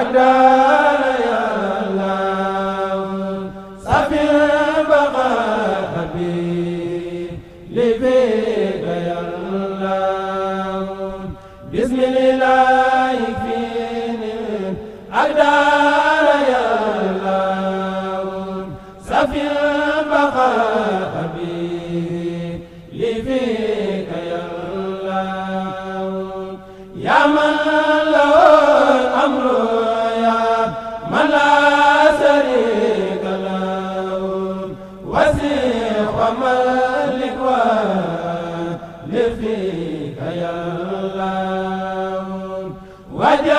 ada الله وجل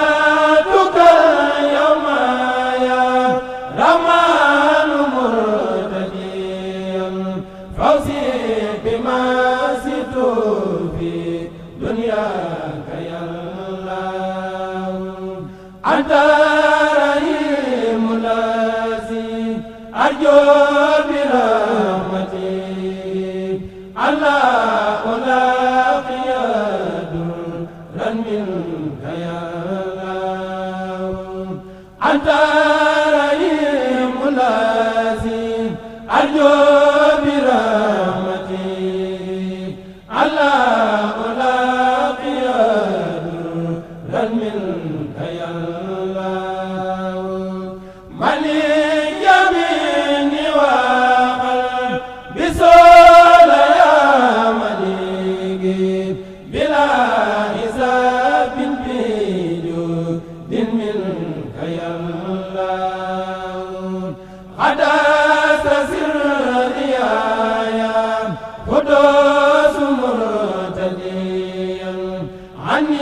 ani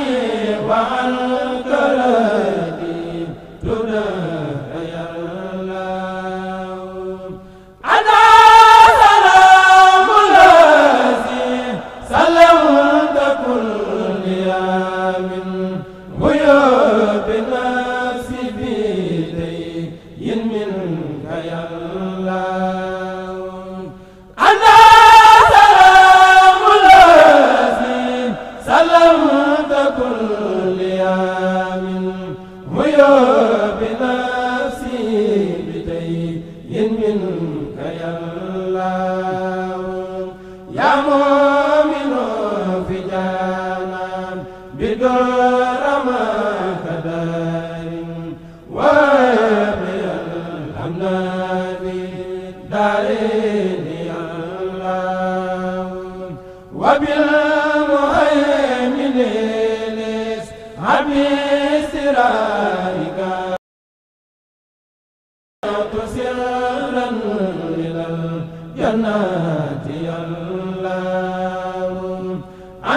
wa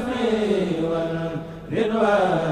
والشفيع والرضوان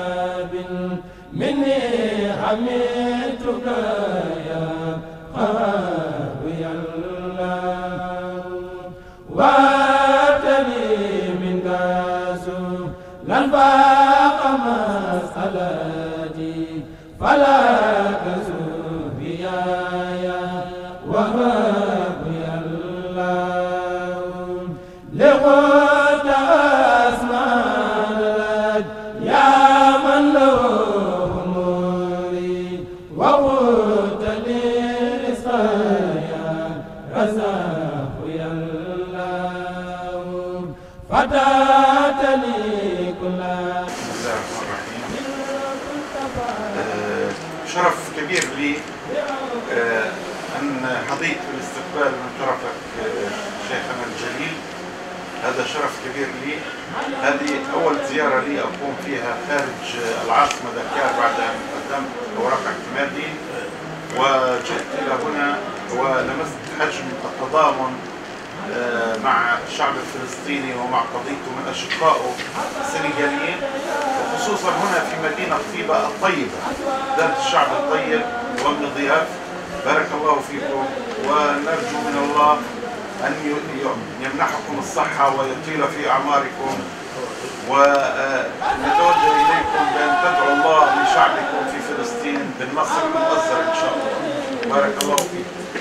حميدتك شرف كبير لي أن حظيت بالاستقبال من طرفك شيخنا الجليل هذا شرف كبير لي هذه أول زيارة لي أقوم فيها خارج العاصمة دكار بعد أن قدمت أوراق اعتمادي وجئت إلى هنا ولمست حجم التضامن مع الشعب الفلسطيني ومع قضيته من أشقائه السنغاليين وخصوصا هنا في مدينة طيبة الطيبة ذات الشعب الطيب وابن ضياف بارك الله فيكم ونرجو من الله أن يمنحكم الصحة ويطيل في أعماركم ونتوجه إليكم بأن تدعوا الله لشعبكم في فلسطين بالنصر المؤزر إن شاء الله بارك الله فيكم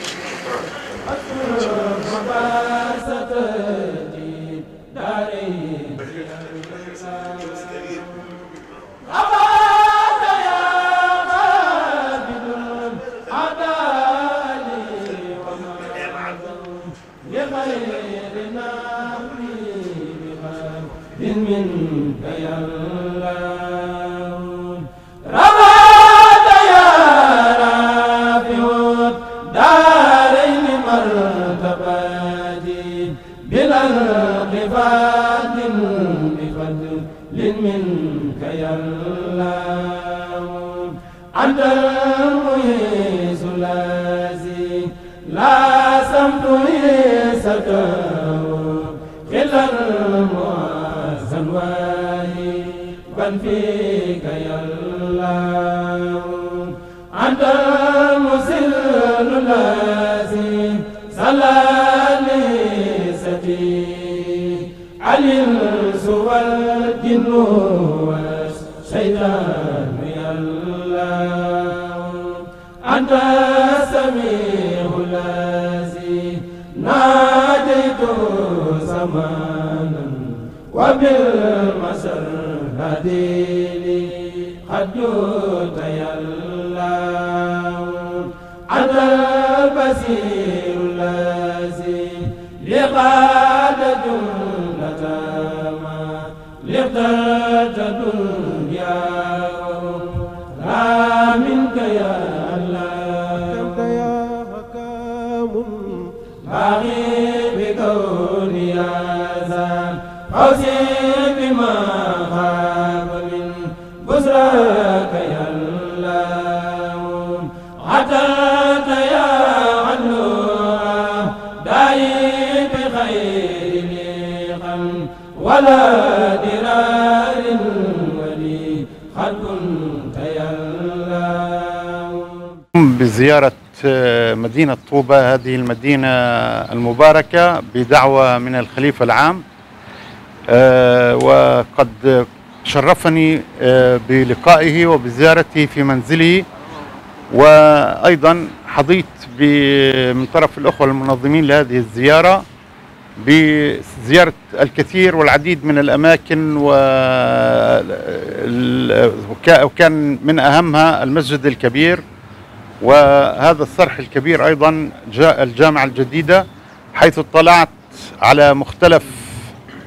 Anta وبالمسر هديني حدوت يلا عدى البسير تبليغا ولا درار ولي خلق تيلم بزيارة مدينة طوبة هذه المدينة المباركة بدعوة من الخليفة العام وقد شرفني بلقائه وبزيارته في منزله وأيضا حظيت من طرف الأخوة المنظمين لهذه الزيارة بزيارة الكثير والعديد من الأماكن وكان من أهمها المسجد الكبير وهذا الصرح الكبير أيضا الجامعة الجديدة حيث اطلعت على مختلف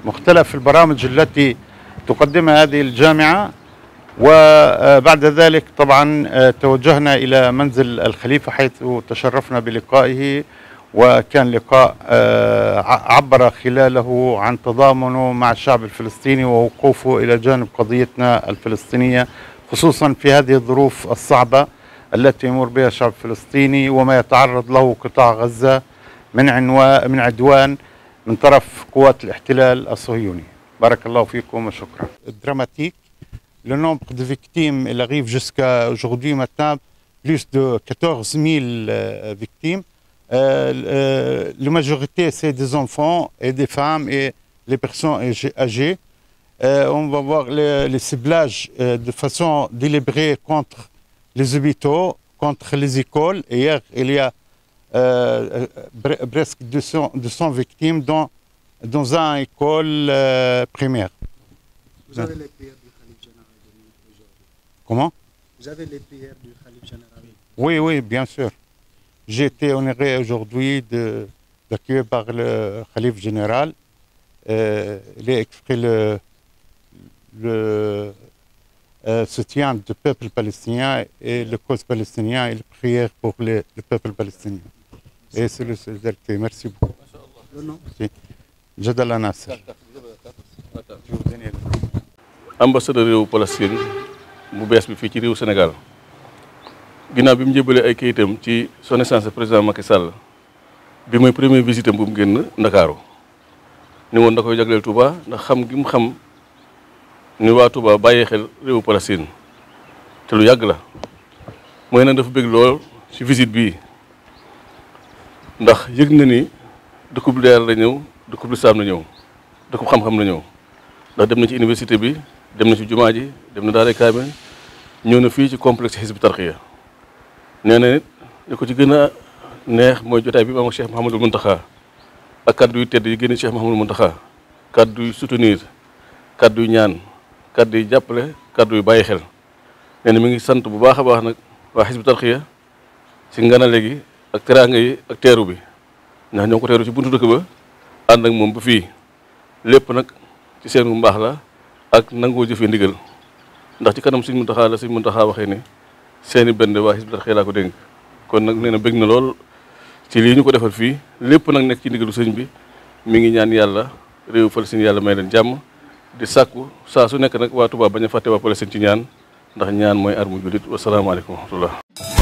مختلف البرامج التي تقدمها هذه الجامعة وبعد ذلك طبعا توجهنا إلى منزل الخليفة حيث تشرفنا بلقائه وكان لقاء عبر خلاله عن تضامنه مع الشعب الفلسطيني ووقوفه إلى جانب قضيتنا الفلسطينية خصوصا في هذه الظروف الصعبة التي يمر بها الشعب الفلسطيني وما يتعرض له قطاع غزة من عنوان من عدوان من طرف قوات الاحتلال الصهيوني بارك الله فيكم وشكرا دراماتيك Le nombre de victimes, il arrive jusqu'à aujourd'hui maintenant plus de 14 000 victimes. Euh, euh, la majorité, c'est des enfants et des femmes et les personnes âgées. Euh, on va voir les, les ciblages de façon délibérée contre les hôpitaux, contre les écoles. Hier, il y a euh, presque 200, 200, victimes dans, dans une école euh, primaire. Vous avez les prières du Khalif général aujourd'hui Comment Vous avez les prières du Oui, oui, bien sûr. J'ai été honoré aujourd'hui d'accueillir par le calife général. Euh, le, euh, soutien du peuple palestinien et le cause palestinien et le prière pour le, le peuple palestinien. Et le solidarité. Merci beaucoup. Merci. Jadala Nasser. ambassadeur réewu Palestine bu bees bi fii ci réewu Sénégal. ginnaaw bi mu jébalee ay kayitam ci son essence président Macky Sall bi mooy premier visite bu mu génn Ndakaaru ni woon da koy jagleel Touba ndax xam gi mu xam ni waa Touba bàyyi xel réewu Palestine te lu yàgg la mooy nag dafa bëgg lool ci visite bi ndax yëg na ni dëkkub leer la ñëw dëkkub lislaam na ñëw dëkkub xam-xam la ñëw ndax dem na ci université bi dem na ci jumaa ji dem na daara kaamil ñëw na fii ci complexe Hizbut ya nee na nit li ko ci gën a neex mooy jotaay bi mu am ak Cheikh mun taxa ak kaddu yu tedd yi génne Cheikh Mouhamadul Mountakha kaddu yu soutenir kaddu yu ñaan kaddu yu jàppale kaddu yu bàyyi xel nee na mi ngi sant bu baax a baax nag waa Hizbut Tarqiyyah ci nganale gi ak teraanga yi ak teeru bi ndax ñoo ko teeru ci buntu dëkk ba ànd ak moom ba fii lépp nag ci seen mbaax la ak nangoo jëfee ndigal ndax ci kanam Sëriñ Mountakha la Sëriñ Mountakha waxee ne seen i bënd waa Hizbut Tarqiyyah laa ko dénk kon nag nee na bëgg na lool ci lii ñu ko defal fii lépp nag nekk ci ndigalu sëñ bi mi ngi ñaan yàlla réew Palestine yàlla may leen jàmm di sàkku saa su nekk nag waa ba bañ a fàtte waa Palestine ci ñaan ndax ñaan mooy armu jullit wasalaamaaleykum wa rahmatullah